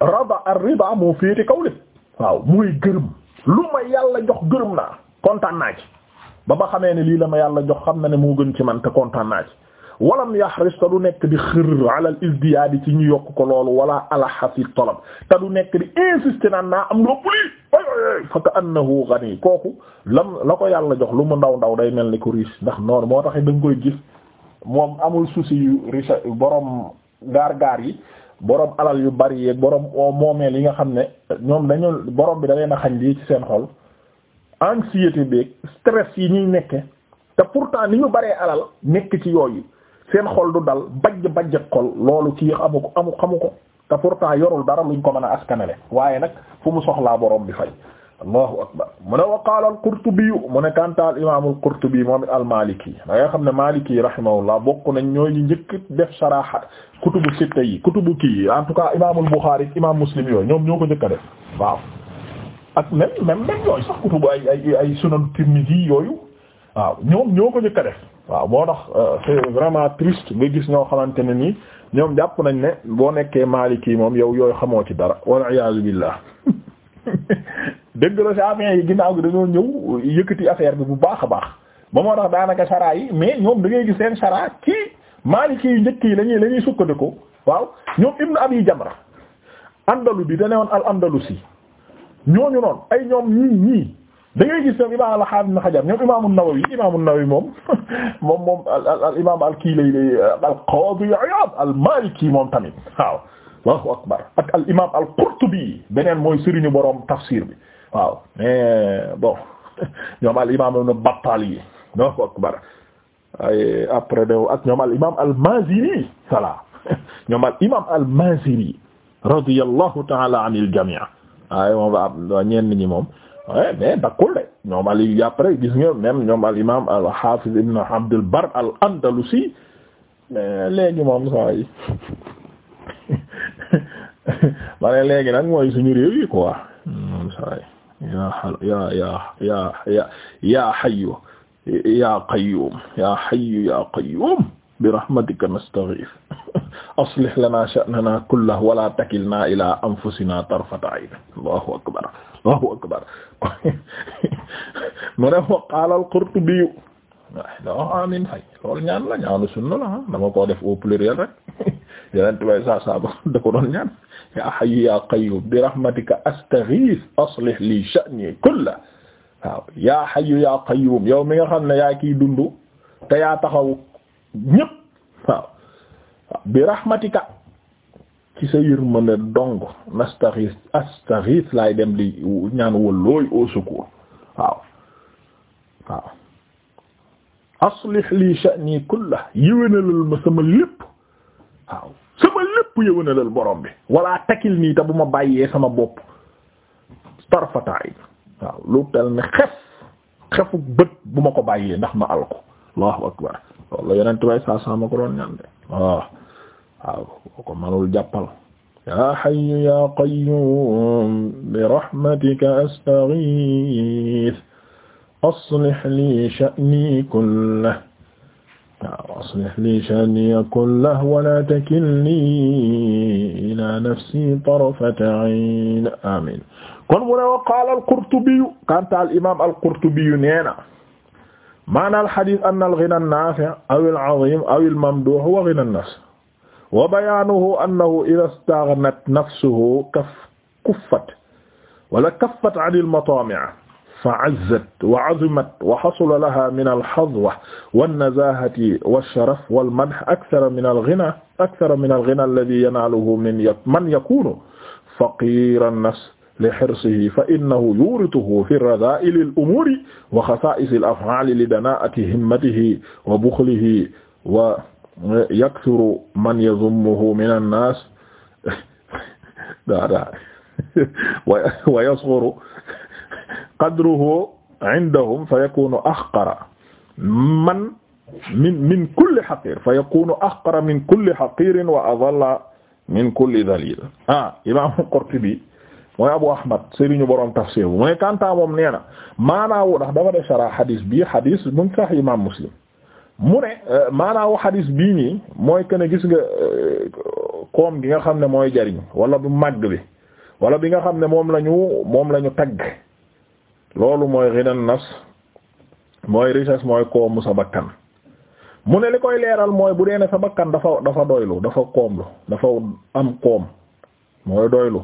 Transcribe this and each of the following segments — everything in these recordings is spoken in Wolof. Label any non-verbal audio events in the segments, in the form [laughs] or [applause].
raba ar riba moo féete kaw lépp waaw mooy gërëm lu ma yàlla jox gërëm naa kontaan naa ci ba ma xamee ne lii la ma yàlla jox xam na ne moo gën ci man te kontaan naa ci walam yahris te du nekk di xër alal isdiyaadi ci ñu yokku ko loolu wala alaha fi talab te du nekk di insister naan naa am loo pli ay fa ka annahu ghani kooku lam la ko yàlla jox lu mu ndaw ndaw day mel ni ko riche ndax noonu moo tax da nga koy gis moom amul souci yu riche borom gaar gaar yi borom alal yu bari yeeg borom moomeel yi nga xam ne ñoom dañu borom bi da leen a xañ lii ci seen xol anxiété beeg stress yi ñuy nekke te pourtant ni ñu baree alal nekk ci yooyu seen xol du dal bajj bajj xol loolu ci amu ko amu xamu ko te pourtant yorul dara luñ ko mën a askanale waaye nag fu mu soxlaa borom bi fay. allahu akbar mu ne wa qaala al-Qurtubi mu ne kanta al imam al-Qurtubi moom al-Maliki da nga xam ne Maliki rahimahullah bokk nañ ñooy ñu njëkk def sarah kutubu sitta yi kutubu kii en tout cas imam al-Bukhari imam Muslim yooyu ñoom ñoo ko njëkk a def waaw ak même même même yooyu sax kutubu ay ay ay yooyu waaw ñoom ñoo ko njëkk def waaw moo tax euh, c'est vraiment triste nga gis ñoo xamante ne nii ñoom jàpp nañ ne boo nekkee Maliki moom yow yooyu xamoo ci dara wal iyaazu billah [laughs] dëgg la Shafi'i yi ginnaaw gi dañoo ñëw yëkkati affaire bi bu baax a baax ba moo tax daanaka saraa yi mais ñoom da ngay gis seen saraa kii Maliki yu njëkk yi lañuy la sukkandiku waaw ñoom Ibn Abi Jamra andalu bi da ne woon al andalusi ñooñu noonu ay ñoom ñii ñii da gis ñoom imaam al-Hafiz Ibn Hajar ñoom imaamu Nawawi imaamu Nawawi moom [laughs] moom moom al imaam al kii lay lay al Qadi Iyad al Maliki moom tamit waaw Allahu akbar ak al imaam al Qurtubi bi. waaw mais bon [laughs] ñoom al imaam ibn Battal yi ñoo ko akbar ay après de ak ñoom al imaam al Maziri voilà [laughs] ñoom al imaam al Maziri radiyallahu ta'ala anil jami' waaye moom ab ñi moom mais dakkul de ñoom al yi après gis nga même ñoom al imaam al Hafiz ibn Abd al al Andalusi mais léegi moom saa yi [laughs] ma ne léegi nag mooy suñu réew yi quoi hmm, saa yaa yaa yaa yaa yaa yaa hayyu yaa qayyum yaa hayyu yaa qayyum birahmatika nastaghith [laughs] aslih lana sha'nana kullahu wala takilna ila anfusina tarfata ayn allahu akbar allahu akbar [laughs] mu ne wa qaala al-Qurtubi waaw amin fay loolu ñaan la ñaanu sunna la ah. dama koo def au pluriel rek yeneen tubaab saa saa ba da ko doon ñaan yaa hayyu yaa qayyum bi rahmatika astaghith aslih li sha'ni kullahu waaw yaa hayyu yaa qayyum yow mi nga xam ne yaa kiy dund te yaa taxaw ñépp waaw bi rahmatika ci sa yërmande dong nastaghith astaghith laay dem di ñaan wallooy au secours waaw waaw aslih li sha'ni kullahu yéwénalal ma sama lépp waaw sama lépp yëwénalal borom bi wala takil nii te bu ma bàyyee sama bopp tarfataay waaw lu tel ne xef xefu bët bu ma ko bàyyee ndax ma al ko allahu akbar walla yeneen tubay saa saa ma ko aslih li sha'ni kullahu waaw aslih li sha'ni kullahu wa la takilni ila nafsi tarfata ayn amin kon mu ne wa qaala al-Qurtubi kanta al-imam al-Qurtubi neena maana al-hadith anna al-ghina an-nafi' aw al-'azim aw al-mamduh huwa ghina an-nafs wa bayanuhu annahu idha istaghnat nafsuhu kaffat wala kaffat 'an al-matami' fa azzat wa azimat wa xasula laha min alxadwa wannazahati walsharaf walmadh akthara min alghina akthara min alghina alladi yanaaluhu min man yakunu faqira nnas li xirsihi fa innahu yuurituhu fi radaa'ili al-umuuri wa xasaa'isi al-af'aali li danaa'ati himmatihi wa buxlihi wa yakthiru man yazummuhu mina nnaas wa yasghuru qadruhu indahum fa yakunu ahqara man min min kulli haqir fa yakunu ahqara min kulli haqirin wa adalla min kulli dalil ah imam Qurtubi mooy Abu Ahmad sëriñu borom tafsir bu mu ne Kantaa moom nee na maanaawu ndax dafa def sharh hadis bii hadis mu ngi sax imam Muslim mu ne euh, maanaawu hadis bii nii mooy que ne gis nga euh, koom gi nga xam ne mooy jariñ wala bu màgg bi wala bi nga xam ne moom la ñu moom la ñu tagg loolu mooy rinan nafs mooy richesse mooy koomu sa bakkan mu ne li koy leeral mooy bu dee ne sa bakkan dafa dafa doylu dafa koomlu dafa am koom mooy doylu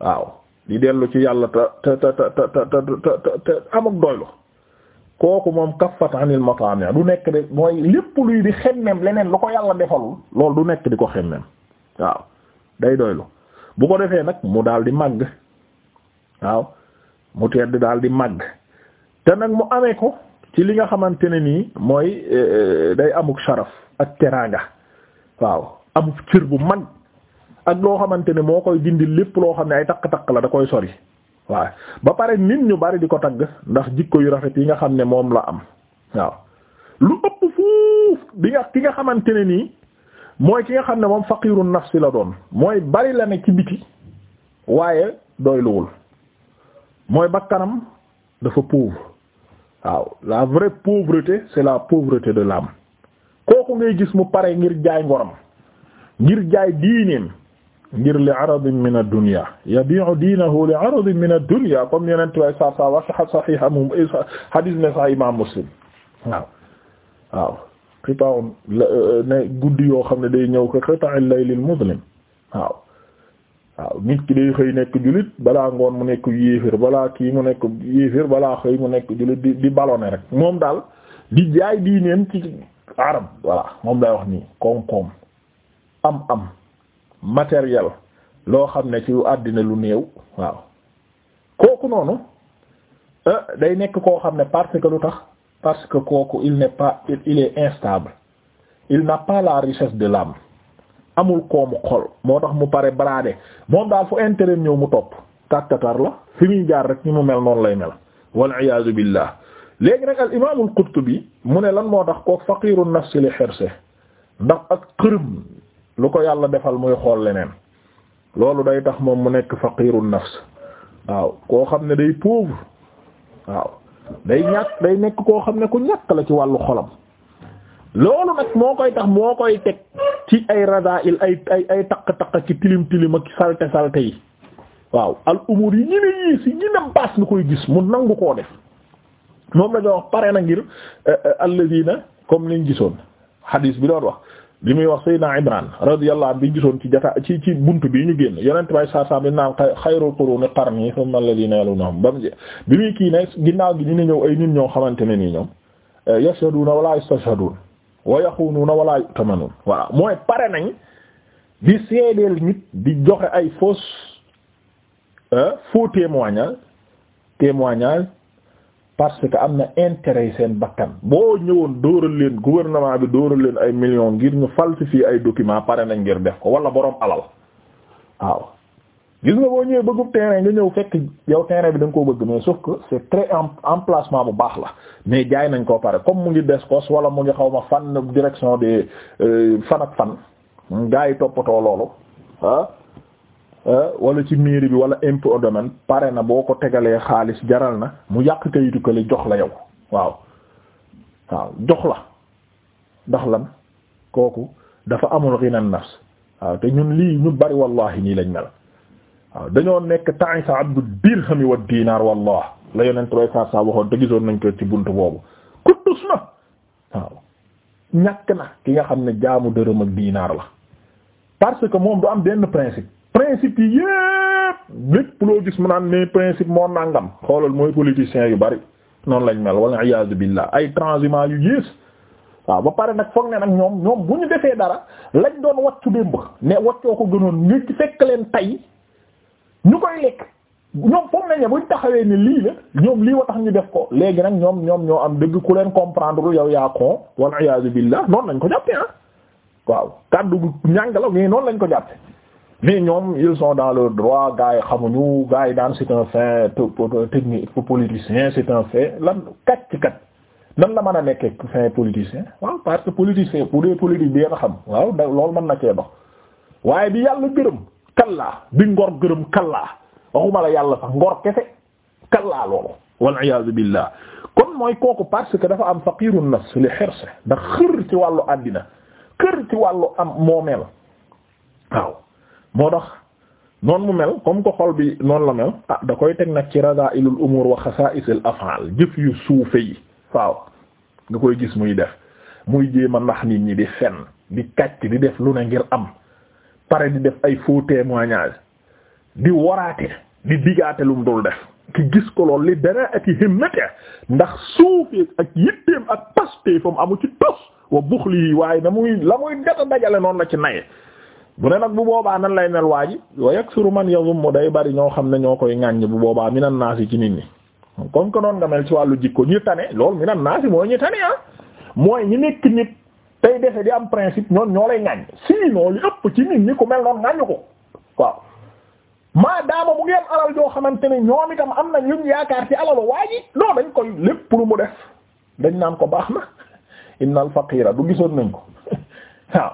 waaw di dellu ci yàlla te te te te te te amuk doylu kooku moom kaffat anil mataami du nekk de mooy lépp luy di xemmem leneen lu ko yàlla defalul loolu du nekk di ko xemmem waaw day doylu bu ko defee nag mu daal di màgg waaw mu tedd daal di màgg te nag mu amee ko ci li nga xamante ne nii mooy eh, eh, day amuk saraf ak teraanga waaw amuk cër bu mag ak loo xamante ne moo koy dindi lépp loo xam ne ay takk-takk la da koy sori waaw ba pare nit ñu bari di ko tagg ndax jikko yu rafet yi nga xam ne moom la am waaw lu ëpp fuuf bi nga ki nga xamante ne nii mooy ki nga xam ne moom faqiirun si la doon mooy bari la ne ci biti waaye doyluwul mooy bakkanam dafa pauvre waaw la vraie pauvreté c'est la pauvreté de l'âme kooku ngay gis mu pare ngir jaay ngoram ngir jaay diineem ngir li aradin min ad-dunya yabi'u diinahu li aradin min ad-dunya comme yeneen tuwaay saa saa wax sahih amum hadith ne sax imam muslim waaw waaw xitaaun ne guddi yoo xam ne day ñëw ko xita'il layl al-muzlim waaw waaw nit ki day xëy nekk jullit balaa ngoon mu nekk yéefér balaa kii mu nekk yéefér balaa xëy mu nekk jullit di di ballonné rek moom daal di jaay diineem ci arab voilà moom lay wax nii koom-koom am am matériel loo xam ne ci lu àddina lu néew waaw kooku noonu euh, day nekk koo xam ne parce lu tax parce que kooku il n'est pas il est instable il n'a pas la richesse de l'âme amul koomu xol moo tax mu pare baraade moom daal fu intérêt ñëw mu topp tàttatar la fi muy jaar rek ni mu mel noonu lay mel wal iyaadu billah léegi nag al imaamul Qurtubi mu ne lan moo tax koo faqiiru nafsi li xirse ndax ak xërëm lu ko yàlla defal muy xool leneen loolu day tax moom mu nekk faqiiru nafs waaw koo xam ne day pauvre waaw day ñàkk day nekk koo xam ne ku ñàkk la ci wàllu xolam loolu nag moo koy tax moo koy teg ci ay radaa'il ay ay ay taq-taq ci tilim tilim ak salte salte yi waaw al umur yi ñu ne yii si ñu ne baas nga koy gis mu nangu koo def moom la ñu wax pare na ngir eh, eh, alladina comme niñ gisoon hadis bi doon wax li muy wax Seydina Imran radiyallahu anhu bi gisoon ci jata ci ci bunt bi ñu génn yonent bay saa saa bi naan xayrul quruni qarni thumma alladina yalunhum ba mu je bi muy kii ne ginnaaw gi ñu ne ñëw ay nit ñoo xamante ne nii ñoom eh, yashhaduna wala yastashhaduna wa yaxunuuna wala yutamanuun waaw mooy pare nañ di seedeel nit di joxe ay fausse euh, faux témoignage témoignage parce que am na intérêt yi seen bakkan boo ñëwoon dóoral leen gouvernement bi dóoral leen ay millions ngir ñu falsifier ay document pare nañ ngir def ko wala boroom alal waaw gis nga boo ñëwee bëggub terrain nga ñëw fekk yow terrain bi da nga koo bëgg mais sauf que c'est très emplacement bu baax la mais jaay nañ koo pare comme mu ngi des Descos wala mu ngi xaw ma fan direction des euh, fan ak fan gaa yi toppatoo loolu ah, ah wala ci mairie bi wala impôt domaine pare na boo ko tegalee xaalis jaral na mu yàq kayitu kële jox la yow waaw waaw jox la ndax lan kooku dafa amul xinan nafs waaw te ñun lii ñu bari wallahi ñii lañ mel. waaw dañoo nekk ta'isa abdu dirhami wa dinar wallah la yonent bay sar sa waxoon te gisoon nañ ko ci bunt boobu kuttus na waaw ñàkk na ki nga xam ne jaamu dërëm ak diinaar la parce que moom du am benn principe principe yi yépp lépp loo gis mu naan mais principe moo nangam xoolal mooy politiciens yu bari noonu lañ mel wala iyaazu billah ay transhumants yu yées waaw ba pare nag foog ne nag ñoom ñoom bu ñu defee dara lañ doon waccu démb ne waccoo ko gënoon ñu leen tay ñu koy lekk ñoom foog nañ ne buñ taxawee ne lii la ñoom lii wa tax ñu def ko léegi nag ñoom ñoom ñoo am dëgg ku leen comprendre yow yaa ko wal iyaazu billah noonu lañ ko jàppee ah waaw kàddu gu ñàngalaw mais noonu lañ ko jàppee mais ñoom il sont dans le droit gars yi xamuñu gars yi daan c'est un fait technique politicien c'est un fait lan kàcc kat nan la man a nekkee fin politicien waaw parce que politicien bu dee politique bi yéen a xam waaw loolu mën na cee kallaa bi ngor gërëm kallaa waxuma la yàlla sax ngor kese kallaa loolu wal iyaadu billah kon mooy kooku parce que dafa am faqiru nafs li xirse ndax xër ci wàllu àddina xër ci wàllu am moomeel waaw moo tax noonu mu mel comme ko xol bi noon la mel ah da koy teg nag ci radaa'ilul umuur wa xasaa'isil af'aal jëf yu suufe yi waaw nga koy gis muy def muy jéem a nax nit ñi di fen di kàcc di def lu ne ngir am pare di def ay faux témoignage di waraate di digaate lum dul def ki gis ko lool li dara ak himmate ndax suufee ak yitteem ak pastee fam amu ci tos wa buxli waaye na muy la muy gata dajale noonu la ci naye bu ne nag bu boobaa nan lay mel waa ji wa suru man yazum day bari ñoo xam ne ñoo koy ŋàññ bu boobaa minan naasi ci nit ñi comme que noonu nga mel ci wàllu jikko ñi tane loolu minan naasi mooy ñi tane ah mooy ñi nekk nit tey dese di am principe ñoon ñoo lay ŋaññ sinon li ëpp ci nit ñi ku mel noonu ŋaññu ko waaw maa daama mu ngi alal joo xamante ne ñoom itam am nañ luñ yaakaar ci alalu waa ji dañ koy lépp lu mu def dañ naan ko baax na innal faqira du gisoon nañ ko [laughs] waaw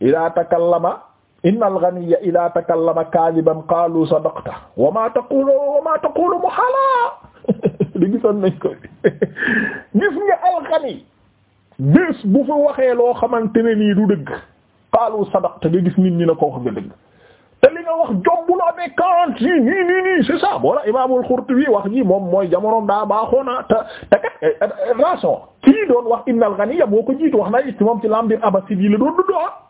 ida takallama innal ghaniya ida takallama kadiban qalu sadaqta wa ma taqulu wa ma taqulu muhala [laughs] du gisoon nañ ko [laughs] gis nga al ghani bés bu fa waxee loo xamante ne nii du dëgg xaalu sadaqta nga gis nit ñi na ko wax nga dëgg te li nga wax jomb la ne quarante nii nii nii c'est ça voilà Imaamul Qurtubi wax ji moom mooy jamonoom daa baaxoona ah, te te kat ration eh, eh, eh, kii doon wax innal ghaniya boo ko jiitu wax na it moom ci lamdir abbasid yii la doon dudd ah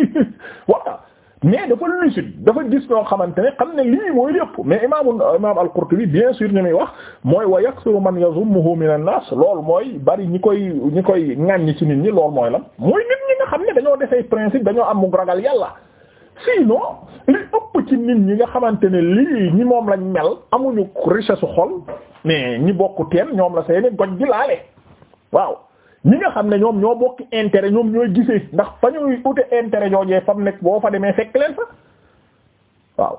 [laughs] voilà mais dafa lucide dafa gis ñoo xamante ne xam ne lii mooy lépp mais imaamu imaam al-Qurtubi bien sûr ni muy wax mooy wa yaksuru man yazumuhu min an-nas loolu mooy bari ñi koy ñi koy ŋàññi ci nit ñi loolu mooy lan mooy nit ñi nga xam ne dañoo defee principe dañoo am mu ragal yàlla sinon li ëpp ci nit ñi nga xamante ne lii ñi moom lañ mel amuñu richesse su xol mais ñi bokku teen ñoom la seeni goj gi laale waaw ñi nga xam ne ñoom ñoo bokk intérêt ñoom ñooy gisee ndax fa ñuy ute intérêt joojee fam nekk boo fa demee fekk leen fa waaw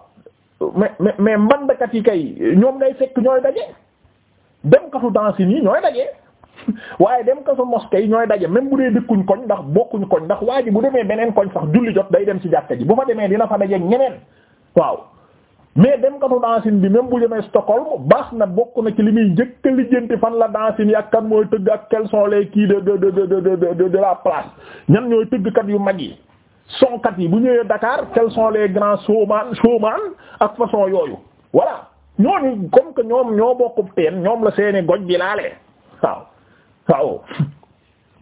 mais mais man dakat yi kay ñoom day fekk ñooy daje dem katu dancing yi ñooy daje [laughs] waaye dem katu mosquée yi ñooy daje même bu dee dëkkuñ koñ ndax bokkuñ koñ ndax waa ji bu demee beneen koñ sax julli jot day dem ci jàkka ji bu fa demee dina fa daje ñeneen waaw mais dem katu dancing bi même bu demee Stockholm baax na bokk na ci li muy njëkk a lijjanti fan la dancing yi ak kan mooy tëgg ak quels sont les kii de de de de de de la place ñan ñooy tëggkat yu mag yi sonkat yi bu ñëwee Dakar quels sont les grands showman showman ak façon yooyu voilà ñooñu comme que ñoom ñoo bokk teen ñoom la seeni goj bi laalee waaw waaw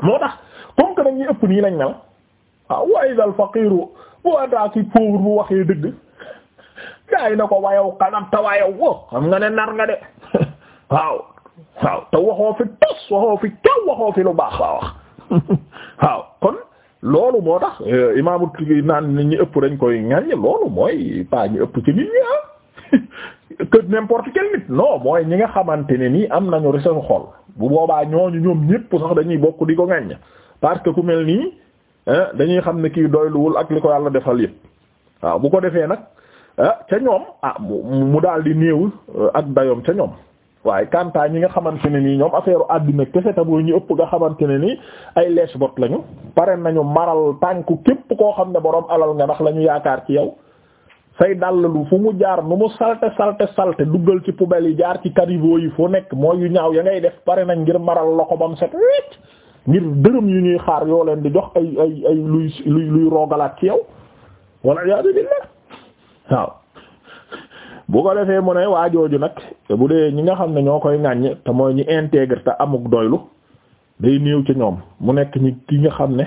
moo tax comme que dañuy ëpp nii lañ mel waaw waaye dal faqiru bu attaque pauvre bu waxee dëgg gaa yi na ko wayaw kanam ta wayaw wo xam nga ne nar nga de [laughs] waaw waaw te waxoo fi tos waxoo fi kaw waxoo fi lu baax laa wax [laughs] waaw kon loolu moo tax euh, imaamu naan nit ñi ëpp dañ koy ŋaññi loolu mooy pas ñu ëpp ci nit ñi ah [laughs] que n'importe nit non mooy ñi nga xamante ne nii am nañu reseau xol bu boobaa ñooñu ñoom ñépp sax dañuy bokk di ko ŋaññ parce que ku mel nii dañuy xam ne kii doyluwul ak li ko yàlla defal yi waaw bu ko defee nag Ah, ca ñoom ah mu daal di néew eh, ak dayoom ca ñoom waaye kantaa ñi nga xamante ne nii ñoom affaire àddina kese ta mooy ñu ëpp nga xamante ne nii ay leech bot lañu pare nañu maral tànk képp koo xam ne boroom alal nga ndax la yaakaar ci yow say dàllalu fu mu jaar nu mu salte salte salte duggal ci poubelle yi jaar ci caniveau yi foo nekk mooy yu ñaaw ya ngay def pare nañ ngir maral la ko bam set wecc ngir dërëm yu ñuy xaar yoo leen di jox ay ay ay luy luy luy ci yow waaw bu ko defee mu ne waa nag bu dee ñi nga xam ne ñoo koy ŋàññe te mooy ñi intègre te amuk doylu day néew ci ñoom mu nekk ñi ki nga xam ne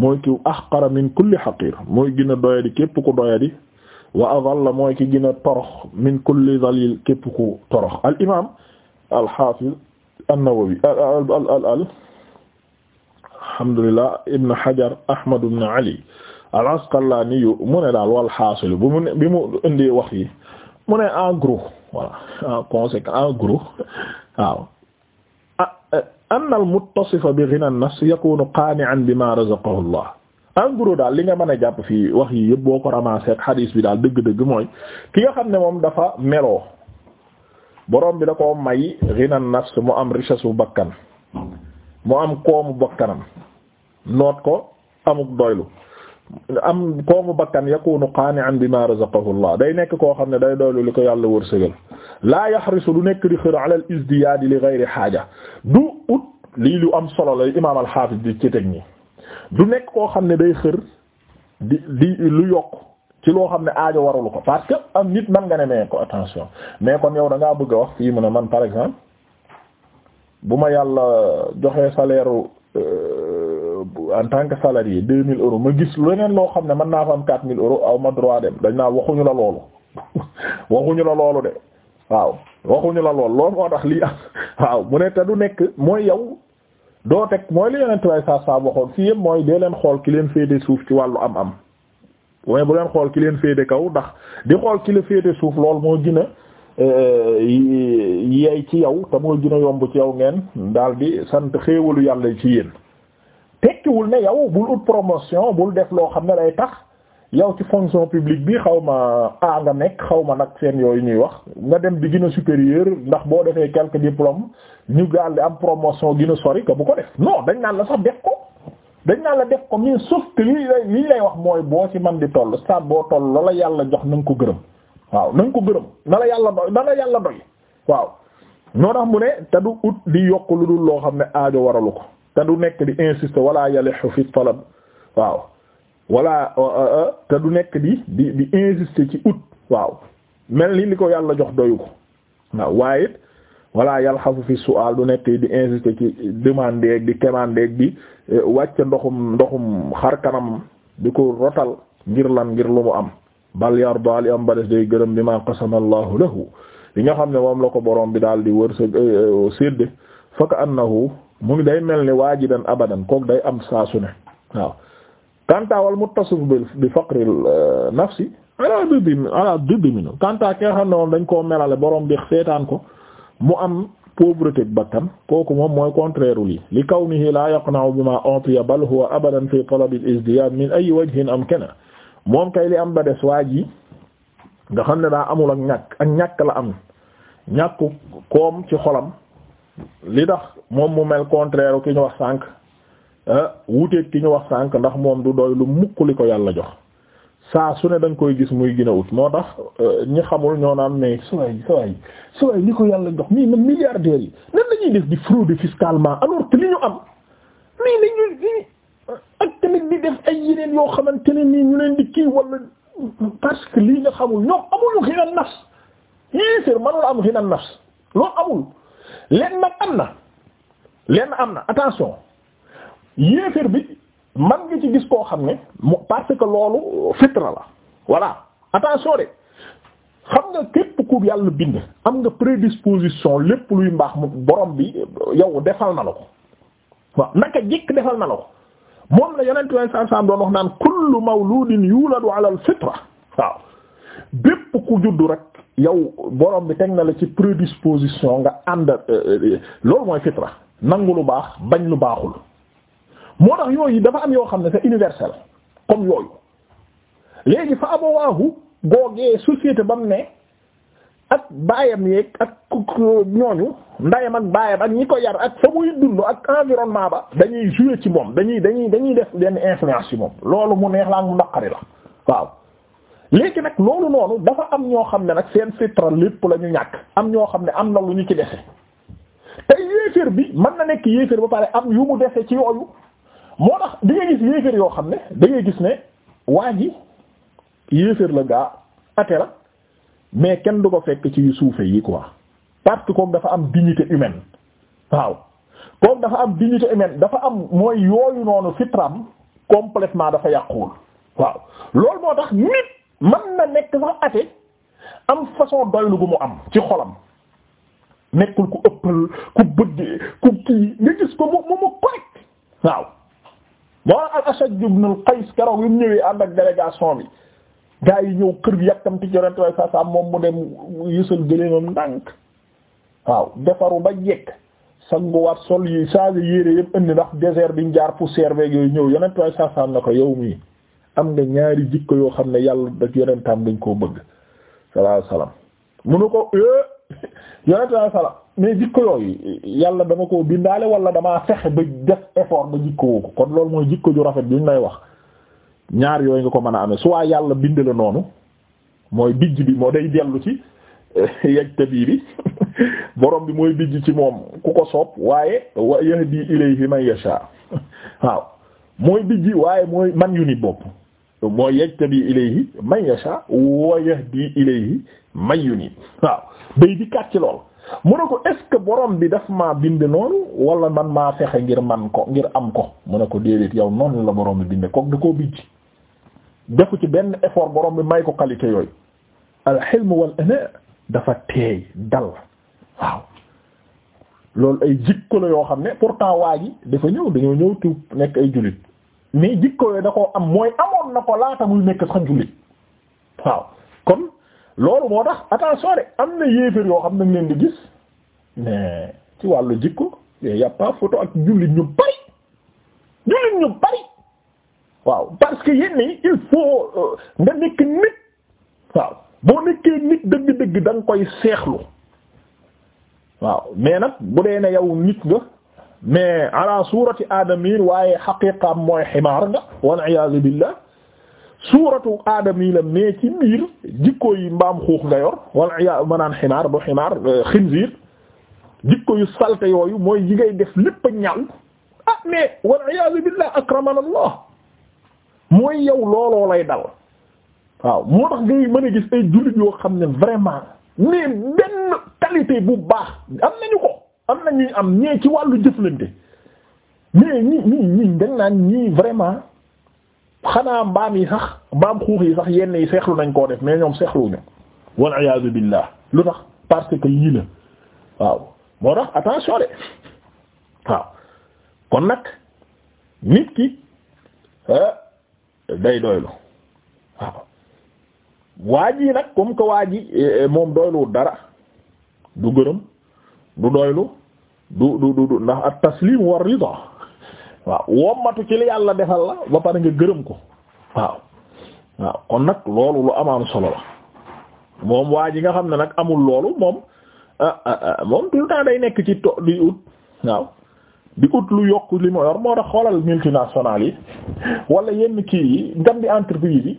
mooy ki ahqara min kulli xaqir mooy gën a doyadi képp ku doyadi wa adalla mooy ki gën a torox min kulli dalil képp ku torox al imam al hafiz an-Nawawi al al al alhamdulillah ibn Hajar Ahmad ibn Ali al-Asqalani yu mu ne daal wal bi mu indee wax yi mu ne en gros voilà en conséquence en gros waaw ah, eh, anna al-muttasifa bi ghina an-nafs yakunu qaani'an bima li nga mën a jàpp fii wax yi yëpp boo ko ramassé ak xadiis daal dëgg-dëgg ki nga xam ne moom dafa meloo borom bi da koo may ghina an-nafs mu am richesse bu bakkan mu am koomu bakkanam noot doylu am koomu bakkan yakunu qaani'an bima razaqahu Allah day nekk koo xam ne day doylu li ko yàlla wërsëgal la yaxrisu du nekk di xër ala al li ghayri haaja du ut lii lu am solo lay imaam al-Hafiz di ci teg du nekk koo xam ne day xër di lu yokk ci loo xam ne aajo warulu ko parce que am nit man nga ne mais ko attention mais kon yow da ngaa bëgg a wax fii mu ne man par exemple bu ma yàlla joxee salaire euh, en tant que salarié deux mille euros ma gis leneen loo xam ne man naa fa am quatre mille euros aw ma droit dem dañ naa waxuñu la loolu [laughs] waxuñu la loolu de waaw waxuñu la lool loolu moo lii [laughs] waaw mu ne te du nekk mooy yow doo teg mooy li yeneen tubaab saa saa waxoon fii yëpp mooy dee leen xool ki leen féete suuf ci wàllu am-am mooy bu leen xool ki leen féete kaw ndax di xool ki la féete suuf lool moo gën a euh, yeey ci yow te moo gën a yomb ci yow ngeen daal di sant xéewalu ci yéen. tekkiwul ne yow bul ut promotion bul def loo xam ne lay tax yow ci fonction publique bi xaw ma a nga nekk xaw ma nag seen yooyu ñuy wax nga dem bi gën a supérieur ndax boo defee quelques diplômes ñu gaal di am promotion gën a sori que bu ko def non dañ naan la sax def ko dañ naan la def ko mais sauf que li liñ lay wax mooy boo ci man di toll stade boo toll la yàlla jox na ko gërëm waaw na ko gërëm na la yàlla doy na yàlla doy waaw ñoo tax mu ne te du ut di yokk lu loo xam ne aajo waralu ko te du nekk di insister wala yalixu fi talab waaw wala euh, euh, euh, te du nekk di di di ci ut waaw mel ni li ko yàlla jox doyu ko waaw waaye it wala yalxafu fi su'al du nekk di insister ci demander di commander di wàcc ndoxum ndoxum xar kanam di ko rotal ngir lan ngir lu mu am bal yarda li am ba des day gërëm bi ma qasama lahu li nga xam ne moom la ko borom bi daal di wër sa sédde faka annahu mu ngi day mel ni waajidan abadan kook day am saa su ne waaw kanta wal muttasif bi faqri euh, nafsi ala diddi ala diddi minu kanta ki xam ne moom dañ koo melale borom bi seetaan ko mu am pauvreté bakkan kooku moom mooy contraire li li kawnihi la yaqna'u bima utiya bal huwa abadan fi talab al izdiyad min ay am amkana moom kay li am ba des waa ji nga xam ne daa amul ak ñàkk ak ñàkk la am ñàkku koom ci xolam li tax moom mu mel contraire ki ñu wax sànq ah, wuuteeg ki ñu wax sànq ndax moom du doy lu mukk li ko yàlla jox saa su ne dañ koy gis muy gën a ut moo tax euh, ñi xamul ñoo naan mais suwaay suwaay li ko yàlla jox nii man milliardaires yi nan la def li ñu am ay yeneen yoo xamante ne nii ñu leen di kii parce que lii nga xamul ñoom amuñu xina nafs yéen a ngi am xina nafs loolu amul. leen nag am na leen am na attention yéeféer bi man nga ci gis koo xam ne mu parce que loolu fitra la voilà attention de xam nga képp ku yàlla bind am nga prédisposition lépp luy mbaax mu borom bi yow defal na la ko waaw naka jikk defal na la ko moom la yonent way san-sam doon wax naan kullu mawludin yuladu ala al fitra waaw bépp ku juddu rek yow borom bi teg na la ci prédisposition nga ànd euh, euh, loolu mooy fitra nangu lu baax bañ lu baaxul moo tax yooyu dafa am yoo xam ne c'est universel comme yooyu léegi fa abawaahu googee société ba mu ne ak baayam yeeg ak ñooñu ndayam ak baayam ak ñi ko yar ak fa muy dund ak environnement ba dañuy jouer ci moom dañuy dañuy dañuy def lenn influence ci moom loolu mu neex la ak mu naqari la waaw léegi nag loolu noonu dafa am ñoo xam ne nag seen fitra lépp la ñu ñàkk am ñoo xam ne am na lu ñu ci dese tey yéeféer bi man na nekk yéeféer ba pare am yu mu dese ci yooyu moo tax di nga gis yéeféer yoo xam ne da gis ne waa ji yéeféer la gaa ate la mais kenn du ko fekk ci yu suufe yi quoi parce que comme dafa am dignité humaine waaw comme dafa am dignité humaine dafa am mooy yooyu noonu fitram complètement dafa yàquwul waaw loolu moo tax nit man na nekk sax ate am façon doylu gu mu am ci xolam nekkul ku ëppal ku bëggee ku kii nga gis ko mu mu mu correct waaw yu ñëwee ànd ak gaa yi ñëw kër gi yàkkamti yonent way sa sa moom mu dem yësal gëléemam ndànk waaw defaru ba jekk sanguwaat sol yi saa yére yëpp indi ndax désert biñ jaar poussière beeg yooyu ñëw yonent way sa na ko yow mii am nga ñaari jikko yoo xam ne yàlla ak yonentam dañ koo bëgg sallallahu alayhi wasallam ko eh, yonent sallallahu alayhi mais jikko yooyu yàlla dama koo bindaale wala damaa fexe ba def effort ba jikko ko kon loolu mooy jikko ju rafet bi ñu lay wax ñaar yooyu nga ko mën a amee soit yàlla bind la noonu mooy bijj bi moo day dellu ci eh, yajtabii bi [laughs] borom bi mooy bijj ci moom ku ko soob waaye wa yahdi ilayhi man yasha [laughs] waaw mooy bijj waaye mooy man yu ni bopp mooy yajtabi ilayhi man yasha wa yahdi may man yunib waaw day di kat ci lool mu ne ko est borom bi daf ma bind noonu wala man ma fexe ngir man ko ngir am ko mu ne ko déedéet yow noonu la borom bi binde kook da koo bijj defu ci benn effort borom bi may ko qualité yooyu al hilm wal ana dafa teey dal waaw loolu ay jikko la yoo xam ne pourtant waa ji dafa ñëw dañoo ñëw tuub nekk ay jullit mais jikko yooyu da koo am mooy amoon na ko laata muy nekk sax jullit waaw kon loolu moo tax attention de am na yéeféer yoo xam nañ leen di gis mais ci wàllu jikko mais y a pas photo ak jullit ñu bari jullit ñu bari waaw parce que yenn il faut euh, nga nekk nit waaw boo nekkee nit dëgg-dëgg da koy seexlu waaw mais nag bu dee ne yow nit nga mais ala suurati aadamiin waaye xaqiiqaam mooy ximaar nga wal iyaazu billah suuratu aadami la mais ci biir yi mbaam xuux nga yor wal iyaazu ma naan ximaar bu euh, xinziir jikko yu salte yooyu mooy yi ngay def lépp a ñaaw ah mais wal iyaazu billah akramana allah mooy yow looloo dal waaw moo tax ngay mën gis ay jullit xam ne vraiment mais benn qualité bu baax am nañu ko. am na ñuy am ñee ci wàllu jëflante mais ñi ñi ñi dañ naan ñii vraiment xanaa mbaam yi sax mbaam xuux yi sax yenn yi seexlu nañ koo def mais ñoom seexluñu wal iyaazu billah lu tax parce que yii la waaw moo tax attention de waaw kon nag nit ki ah, day doylu waaw waa ji nag comme que waa ji eh, eh, moom doyluwul dara du gërëm du doylu du du du ndax at taslim war rida waaw wommatu ci li yàlla defal la ba pare nga gërëm ko waaw waaw kon nag loolu lu amaam solo la moom waa ji nga xam ne nag amul loolu moom ah, ah, ah, moom tout le temps day nekk ci to di ut waaw di ut lu yokk li ma yor moo tax xoolal multinationales yi wala yenn kii yi ngam di entreprise yi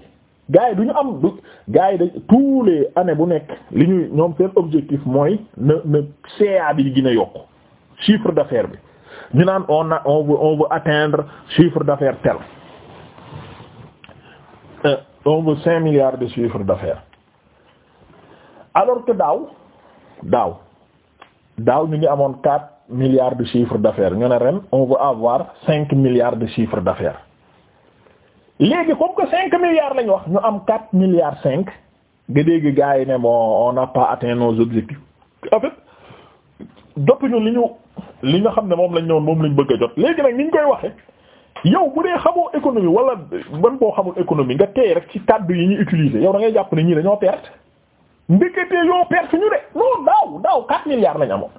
gars yi du ñu am du gars yi dañ tous les années bu nekk li ñuy ñoom seen objectif mooy na na CA bi gën a yokk chiffre d'affaires bi ñu naan on a on on veut atteindre chiffre d'affaires tel euh, on veut cinq milliards de chiffre d'affaires alors que daaw daaw daaw ñu ngi amoon quatre milliards de chiffre d'affaires ñu ne ren on veut cinq milliards de chiffre d'affaires léegi comme que cinq milliards lañ wax ñu am quatre milliards cinq nga dégg gars yi ne moo on n'a pas atteint nos objectifs en fait jotuñu li ñu li nga xam ne moom lañ ñëwoon moom lañ bëgg a jot léegi nag ñu koy waxe yow bu dee xamoo économie wala ban boo xamul économie nga teey rek ci kàddu yi ñu utiliser yow da ngay jàpp ne ñii dañoo perte ndeketee yoo perte ñu de non daaw daaw quatre milliards lañ amoon.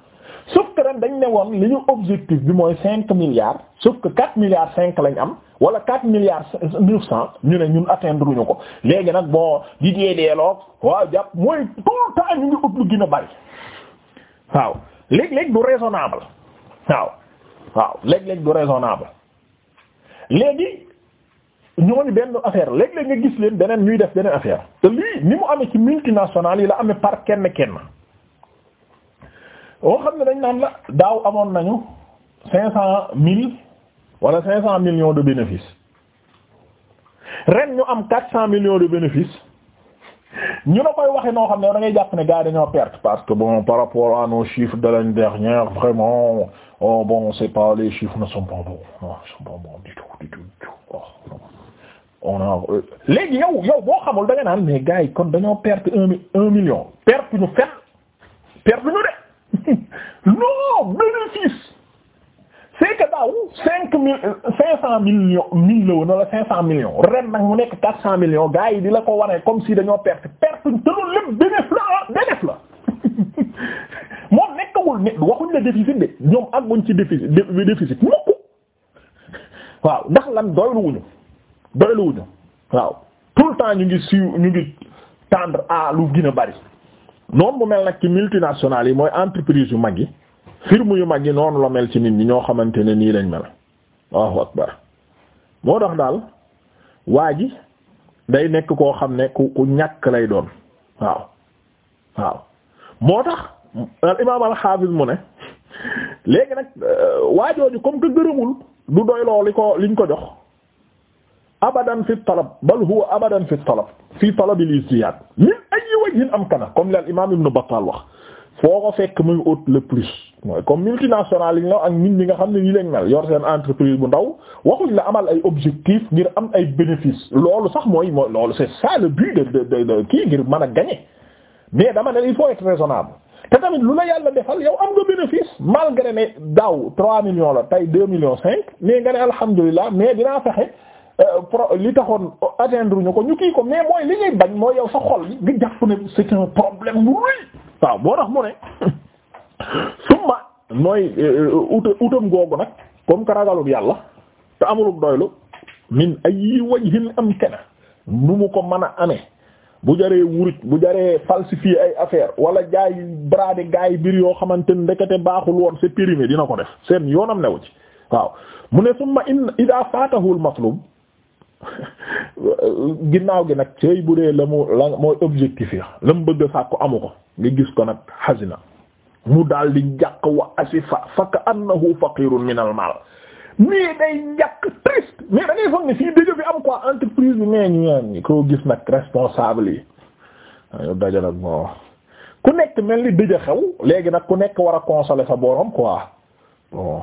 sauf dañ ne woon li ñu objectif bi mooy cinq milliards sauf que quatre milliards cinq lañ am wala quatre milliards neuf cent ñu ne ñun atteindre ñu ko léegi nag bon di deedeeloog waaw jàpp mooy tout temps ñu ngi ut lu gën a bari waaw léeg-léeg du raisonnable waaw waaw léeg-léeg du raisonnable léegi ñooñu benn affaire léeg-léeg nga gis leen beneen ñuy def beneen affaire lii ni mu amee ci multinationales yi la amee par kenn kenn oo xam ne dañ naan la daaw amoon nañu cinq cent mille wala cinq cent millions de bénéfices ren ñu am quatre cent millions de bénéfices ñu na koy waxe noo xam ne da jàpp ne gars dañoo perte parce que bon par rapport à nos chiffres de l'année dernière vraiment oh bon c'est pas les chiffres ne sont pas bons a euh, léegi yow yow boo xamul da naan mais gars kon dañoo perte un un million perte ñu fet perte ñu de [laughs] non bénéfice c'est que daaw cinq mille cinq cent millions mille la woon wala cinq cent millions ren nag mu nekk quatre cent millions gars yi di la ko waree comme si dañoo perte perte te loolu lépp bénéfice la bénéfice la [laughs] moom nekkagul ne waxuñ la déficit de ñoom ak buñ ci déficit déficit mukk waaw ndax lan doyluwuñu doyluwuñu waaw tout le temps ñu ngi siiw ñu ngi tendre à lu gina a bari noonu mu mel nag ci multinationales yi mooy entreprise yu mag yi firme yu mag yi noonu la mel ci nit ñi ñoo xamante ne nii lañ mel waaw akbar moo tax daal waa ji day nekk koo xam ne ku ku ñàkk lay doon waaw waaw moo tax al xaafis mu ne [laughs] léegi nag euh, waajooju comme que gërëmul du doy loo li ko liñ ko jox abadan fi talab bal huwa abadan fi talab fi talabil istiyaad in amkana comme li al imaam Ibn Battal wax foo ko fekk muy ut le plus mooy comme multinationale yi ñu ak nit ñi nga xam ne nii lañ mel yor seen entreprise bu ndaw waxuñ la amal ay objectifs ngir am ay bénéfices loolu sax mooy mooy loolu c'est ça le but de de de kii ngir mën a gagner mais dama ne il faut être raisonnable te tamit lu la yàlla defal yow am nga bénéfice malgré ne daaw 3 millions la tey 2 millions 5 mais nga ne alhamdulilah Euh, pro li taxoon atteindre ko ñu kii ko mais mooy li ñuy bañ mooy yow sa xol yi nga jàpp ne c'est un problème bu rëy waaw boo tax mu ne summa nooy euh, uta utam googu nag comme que yàlla te amulum doylu min ay wajhin am kana nu mu ko mën a amee bu jaree wuruj bu jaree falsifier ay affaire wala jaay brader gaay biir yoo xamante ni ndekete baaxul woon c'est périmé dina ko def seen yoonam newu ci waaw mu ne summa in ida faatahu al [laughs] ginnaaw gi nag cëy bu dee la mu la mooy objectif yi la mu bëgg a sàkku amu ko nga gis ko nag xasina mu dal di jàq wa asifa fa ka annahu faqirun min al mal mais day jàq triste mais da foog ne fii dëgg fi am quoi entreprise mais ñu ñaan koo gis nag responsable yi ah, yow daja nag moo ku nekk mel ni dëj xew léegi nag ku nekk war a consoler sa borom quoi bon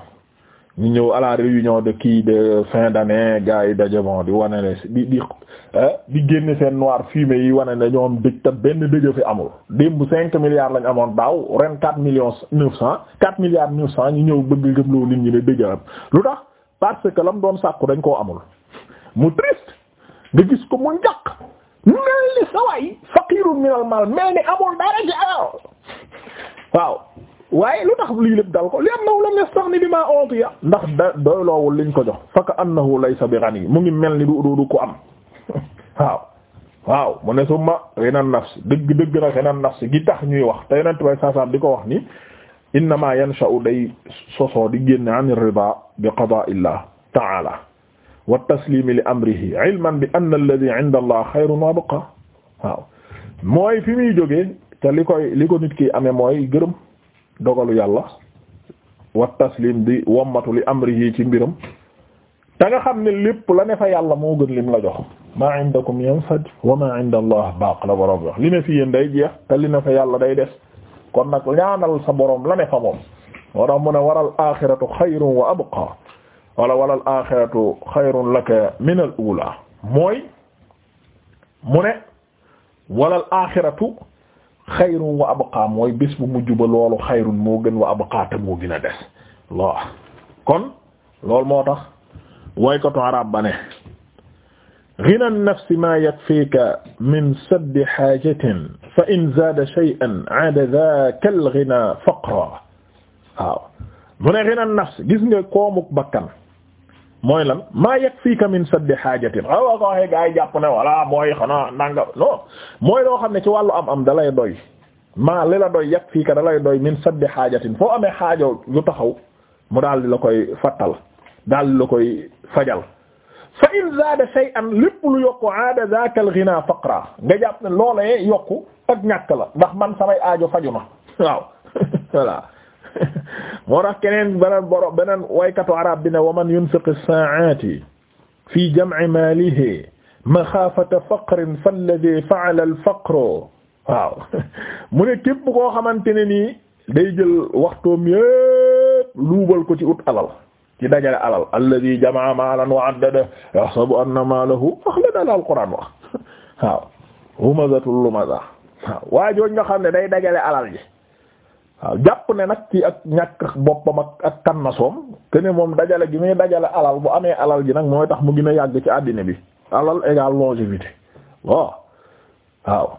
ñu ñëw à la réunion de kii de fin d'année gars yi daje bon di wane ne di di ah, di génne seen noir fumé yi wane ne ñoom dëj te benn dëjë fi amul démb cinq milliards lañ amoon baaw ren quatre million neuf cent quatre milliards neuf cent ñu ñëw bëgg gëmloo nit ñi ne dëjë am lu tax parce que lam doon sàkku dañ koo amul mu triste nga gis ko mu njaq mel ni sawaay faqirun minal mal mel ni amul dara ci waaw waaye lu tax lii lépp dal ko li annahu lam yastaghni bi ma utiya ndax ko jox faka annahu laysa bi ghani mu ngi mel ni du du ko am [laughs] waaw waaw mu ne summa renan nafs dëgg gi tax ñuy wax te yonent bay saasaam di ko wax ni innama yansha'u day sosoo di génne an rida bi bi anna alladhi 'inda allah khayrun wa abqa waaw mooy fi muy jógee te li koy li ko nit ki amee mooy gërëm dogalu yàlla wa taslim di wommatu li amri yi ci mbiram te nga xam ne lépp la ne fa yàlla moo gën lim la jox maa indakum yanfad wa ma inda allah baaq la boroom jox li ne fi yéen day jeex te li ne fa yàlla day des kon nag ñaanal sa boroom la ne fa moom moo mu ne waral axiratu xayrun wa abqa wala waral axiratu xayrun laka min al mooy mu ne waral axiratu xayrun wa abqa mooy bés bu mujj ba loolu xayrun moo gën wa abqa te moo gën a des loo kon loolu moo tax waykatu arab ba ne ghina an-nafsi ma yakfika min saddi haajatin fa in zaada shay'an 'aada dhaaka al-ghina faqra waaw mu ne ghina an-nafs gis nga koomuk bakkan mooy lan maa yakfika min saddi xaajatin awa ko waxee gaa walla mooy xanaa nanga non mooy loo xam ne ci wàllu am am dalay doy maa li la doy yakfika dalay doy min saddi xaajatin foo amee xaajo lu taxaw mu daal di la koy fattal daal la koy fajal fa in zaada shay'an lépp lu yokku ak ñàkk la ndax man samay aajo faju na [laughs] waaw [laughs] voilà [laughs] moo tax keneen beneen boro beneen waykatu arab bi ne wa man yunfiq as-sa'ati fi jam'i malihi maxaafata faqrin falladi fa'ala al-faqru waaw [laughs] mu ne képp koo xamante ne nii day jël waxtoom yépp luubal ko ci ut alal ci dajale alal alladi jamaa maalan wa addada yahsabu anna maalahu axlada al-Qur'aan wax [laughs] waaw humazatul lumaza waaw waa jooju nga xam ne day dajale alal ji waaw jàpp ne nag ci ak ñàkk boppam ak ak kannasoom que moom dajale gi muy dajale alal bu amee alal ji nag mooy tax mu gën a yàgg ci àddina bi alal égal longévité waaw waaw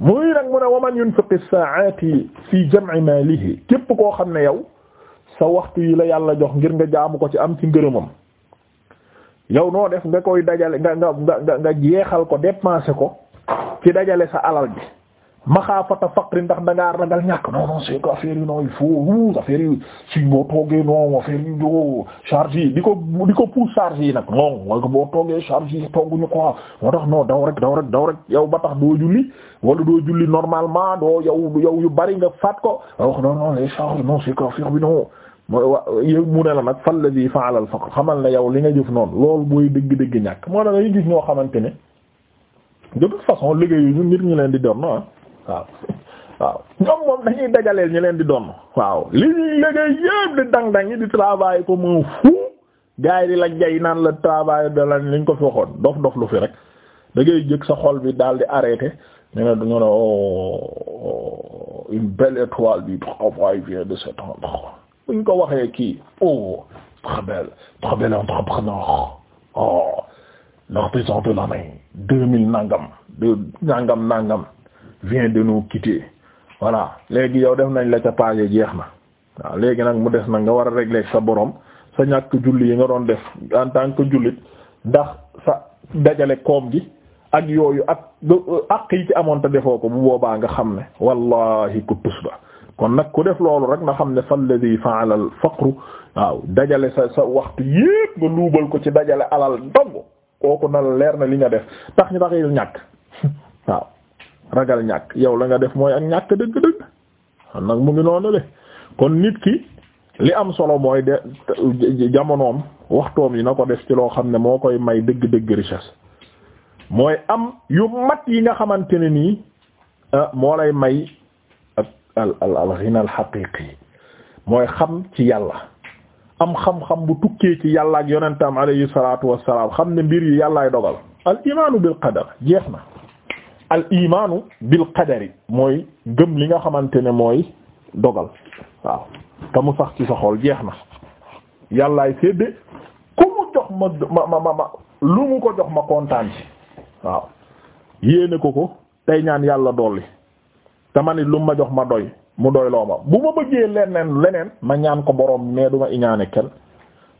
muy nag mu ne waman yunfiqu saati fi jam'i malihi képp koo xam ne yow sa waxtu yi la yàlla jox ngir nga jaamu ko ci am ci ngërëmam yow noo def nga koy dajale nga nga nga nga jeexal ko dépenser ko ci dajale sa alal ji maxaafata faqri ndax dangaa ragal ñàkk non non c'est que affaire yi non il faut affaire yi boo toogee non affaire yi do charge yi di ko di ko pousse charge yi nag non wala boo toogee charge yi tooguñu quoi moo tax non daw rek daw rek daw yow ba tax doo julli wala doo julli normalement doo yow yow yu bari nga faat ko wax non non les charges non bi non yow mu ne la nag fan la di faala al xamal ne yow li nga jëf noonu lool booy dëgg-dëgg ñàkk moo tax dañuy gis ñoo xamante ne de toute façon liggéey ñu nit leen di doon waaw waaw ñoom moom dañuy dajaleel ñu leen di doon waaw li ñuy liggéey yépp di dang-dang yi di travail ko moom fu gars la jay naan la travail de la ko fi waxoon dof dof lu fi rek da jëkk sa xol bi daal di arrêté ñu ne duñu ne oh, oh, du travail ko waxee kii oh très belle très belle oh, deux mille nangam nangam vient de nous quitter voilà léegi yow def nañ la ca page jeex na waaw léegi nag mu des nag nga war a régler sa borom sa ñàkk julli yi nga doon def en tant que jullit ndax sa dajale koom gi ak yooyu ak ak yi ci amoon te defoo ko bu boobaa nga xam ne wallahi ku tus ba kon nag ku def loolu rek nga xam ne falladi fa'ala al faqru waaw dajale sa sa waxtu yépp nga luubal ko ci dajale alal dong kooku na leer na li nga def tax ñu tax ñàkk [laughs] waaw ragal ñàkk yow la nga def mooy ak ñàkk dëgg-dëgg xam nag mu ngi noonu le kon nit ki li am solo mooy de jamonoom waxtoom yi na ko def ci loo xam ne moo koy may dëgg-dëgg richesse mooy am yu mat yi nga xamante ne nii ah, moo lay may ak al al al ghina al haqiqi mooy xam ci yàlla am xam-xam bu tukkee ci yàlla ak yonentam alayhi salaatu wassalaam xam ne mbir yi yàllaay dogal al imaanu bil qadar jeex na al imaanu bil qadari mooy gëm li nga xamante ne mooy dogal waaw te mu sax ci sa xool jeex na yàllaay sédde ku mu jox ma ma ma ma lu mu ko jox ma kontaan ci waaw yéene ko ko tey ñaan yàlla dolli te ma lu ma jox ma doy mu doy loo ma bu ma bëggee leneen leneen ma ñaan ko boroom mais du ma iñaane kenn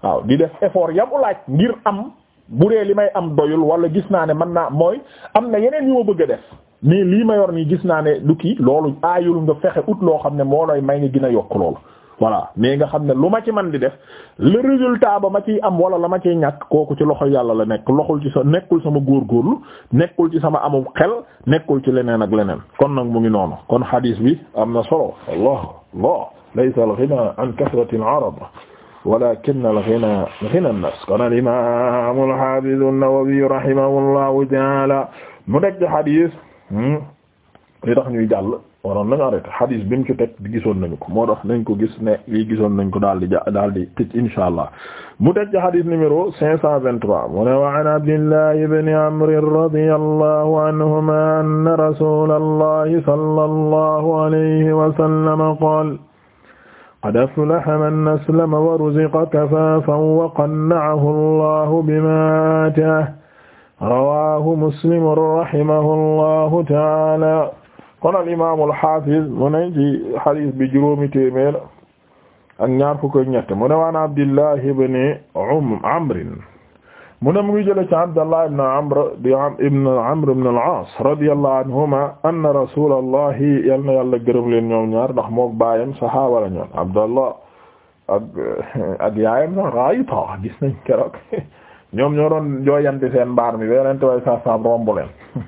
waaw di def effort yamu laaj ngir am bu dee li may am doyul wala gis naa ne man naa mooy am na yeneen yu ma bëgg a def mais lii ma yor nii gis naa ne du kii loolu aayul nga fexe ut loo xam ne moo lay may nga gën a yokk loolu voilà mais nga xam ne lu ma ci man di def le résultat ba ma ciy am wala la ma ciy ñàkk kooku ci loxo yàlla la nekk loxul ci sa nekkul sama góor góorgóorlu nekkul ci sama amum xel nekkul ci leneen ak leneen kon nag mu ngi noonu kon hadis bi am na solo allah allah l al ghina an kasratil araba walakin al-ghina ghina an-nafs kon al-imam al-hafiz an-Nawawi rahimahullahu ta'ala mu nekk hadis hmm, li tax ñuy jàll waroon nañu arrêté hadis bi mu ci teg gisoon nañu ko moo tax nañ ko gis ne lii gisoon nañ ko daal di ja daal di tëj insha allah mu teg ci hadis numéro 523 mu ne wa an Abdillah ibn Amr radiyallahu anhuma anna rasulallahi sallallahu alayhi wa sallam qala qad aflaha man aslama wa ruziqa kafaafan wa qanna'ahu allahu bimaa aataahu rawaahu muslim rahimahu allahu taala kon al imaamul haafiz mu ne ci hadiis bi juróomi téeméer ak ñaar fukk ak ñett mu ne waan abdillahi ibn amrin mu ne mu ngi jëlee ci Abdallah ibn Amr ibn Amr ibn al-As radiyallahu anhuma anna rasulallahi yal na yàlla gërëm leen ñoom ñaar ndax mook baayam saxaaba la ñoon Abdallah ak ak yaayam sax Raayita gis nañ keroog [laughs] ñoom ñoo doon jooyante seen mbaar mi ba yonente way sa saam romb leen [laughs]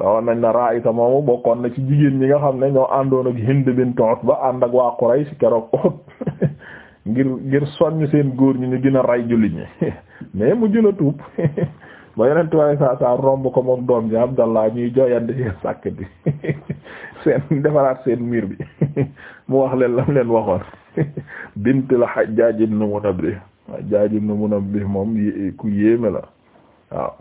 waaw nañ na Raayita moomu bokkoon na ci jigéen ñi nga xam ne ñoo àndoon ak Hind bint Utba ànd ak waa Quraysh keroog [laughs] ngir ngir soññ seen góor ñi ñu gën a ray jullit ñi [laughs] mais mu jëla tuub [laughs] ba yeneen tubaab saa saa romb ko moom doom ji Abdallah ñuy jooyandi seen sàkk bi [laughs] seen defaraat seen miir bi mu wax leen lam leen waxoon bintul Hajjaj ibn Munabbih Hajjaj ibn Munabbih moom ku yéeme la waaw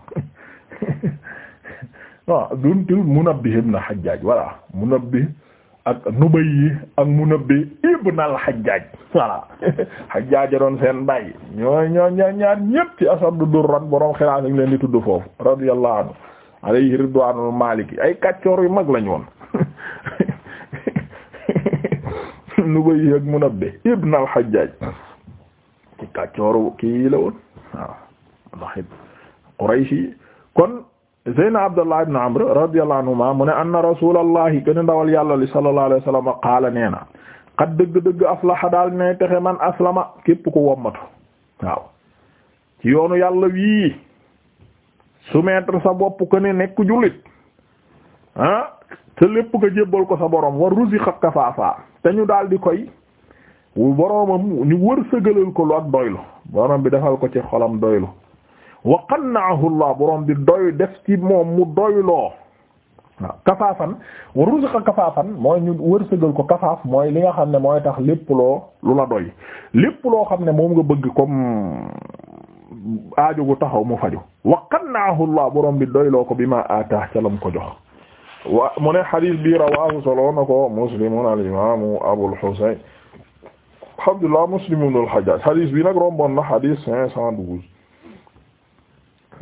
non duntul Munabbih ibn Hajjaj voilà Munabbih ak nubay yi ak munabbi ibn al [laughs] hajjaj voilà hajjaj doon seen bàyyi ñoo ñoo ñaar ñaar ñépp ci asadu durran borom xilaas ak leen di tudd foofu radiyallahu anhu alayhi ridwanul maliki ay kàccoor yu mag lañu woon [laughs] nubay yi ak munabbi ibn al hajjaj ci kii la woon waaw ndax qurayshi kon Seyna Abdullah ibn Amr radiyallahu anhuma mu ne anna rasulallahi kenn ndawal yàlla li sallallahu alayhi wa sallam qaala nee na qad dëgg-dëgg aflaha daal ne texe man aslama képp ko wommatu waaw ci yoonu yàlla wii soumettre sa bopp ko ne nekk jullit ah te lépp nga jébbal ko sa borom war ruziqa kafaafa te ñu daal di koy boromam ñu wërsëgalal ko lu ak doylu borom bi defal ko ci xolam doylu wa qanna'ahu Allah borom bi doy def moom mu doyloo waaw kafaafan wa ruzuqa kafaafan mooy ñu ko kafaaf mooy li nga xam ne mooy tax lépp loo lu la doy lépp loo xam ne moom nga bëgg comme aajo gu taxaw mu faju wa qanna'ahu Allah borom bi doyloo ko bi ma aata ca lam ko jox wa mu ne xadiis bi rawaahu solo na ko muslimun al imaamu Abul Husayn Abdullah Muslim ibn al Hajjaj xadiis bi nag rombon xadiis cinq cent douze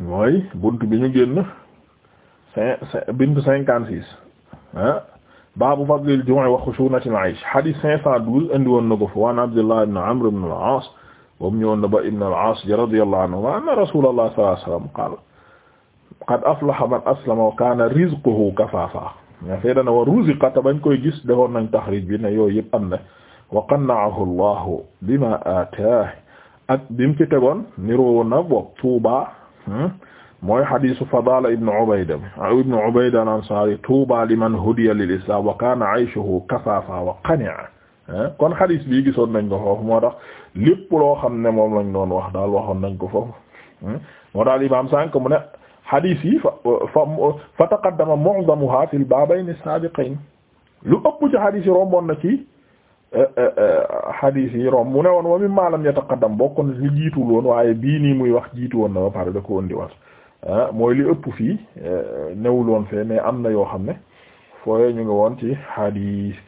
mooy bi ñu génn cin bintu cinquante six ah baabu fadlil jumu'i wa xushunatil aysh hadith cinq cent douze indi woon na ko fa waan Abdullah ibn Amr ibn al-As boobu ñëwoon na ba ibn al-As qad aflaha man aslama wa kaana rizquhu kafaafa ña fee dana wa ruziqa koy gis defoon nañ taxrij bi ne yooyu yëpp am na wa bima ataahu ak bi mu ci tegoon niroo na bopp Hmm? mooy hadisu Fadala ibn Ubayda ibn Ubayda al-Ansari tuuba liman hudiya lil islam wa kana ayshuhu kafafa wa qani'a hmm? kon hadis bii gisoon nañ ko foofu moo tax lépp loo xam ne moom lañ doon wax daal waxoon nañ ko foofu hmm? moo daal imam sànk mu ne hadis yi fa taqaddama mu'zamuha fil babayni as-sabiqayn lu ëpp ci hadis yi Eh, eh, eh, hadith yi rom mu ne woon wa mi maalam yataqaddam bokkon li jiitul woon waaye bii nii muy wax jiitu woon na ba pare da ko indi wat mooy li ëpp fii newul woon fee mais am na yoo xam ne fooye ñu ngi woon ci hadith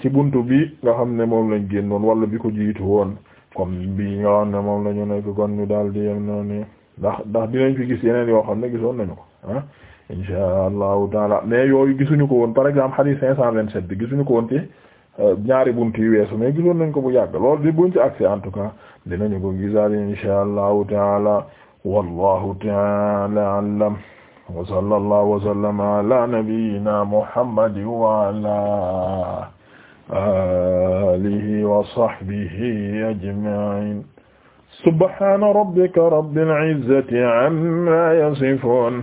ci buntu bi nga xam ne moom lañ génnoon wala bi ko jiitu woon comme bi nga xam ne moom la ñu nekk kon ñu daal di yem noonu ndax ndax dinañ fi gis yeneen yoo xam ne gisoon nañu ko ah insha allahu taala mais yooyu gisuñu ko woon par exemple hadith cinq cent ko woon ñaari buntu yu weesu mais gisoon nañ ko bu yàgg lool di buñ ci accès en tout cas dinañu ko gisaat insha allahu taala wallahu taala alam wa sallallahu wa sallama ala nabiyyina muhammadin wa ala alihi wa sahbihi ajma'in subhana rabbika rabbil izzati amma yasifun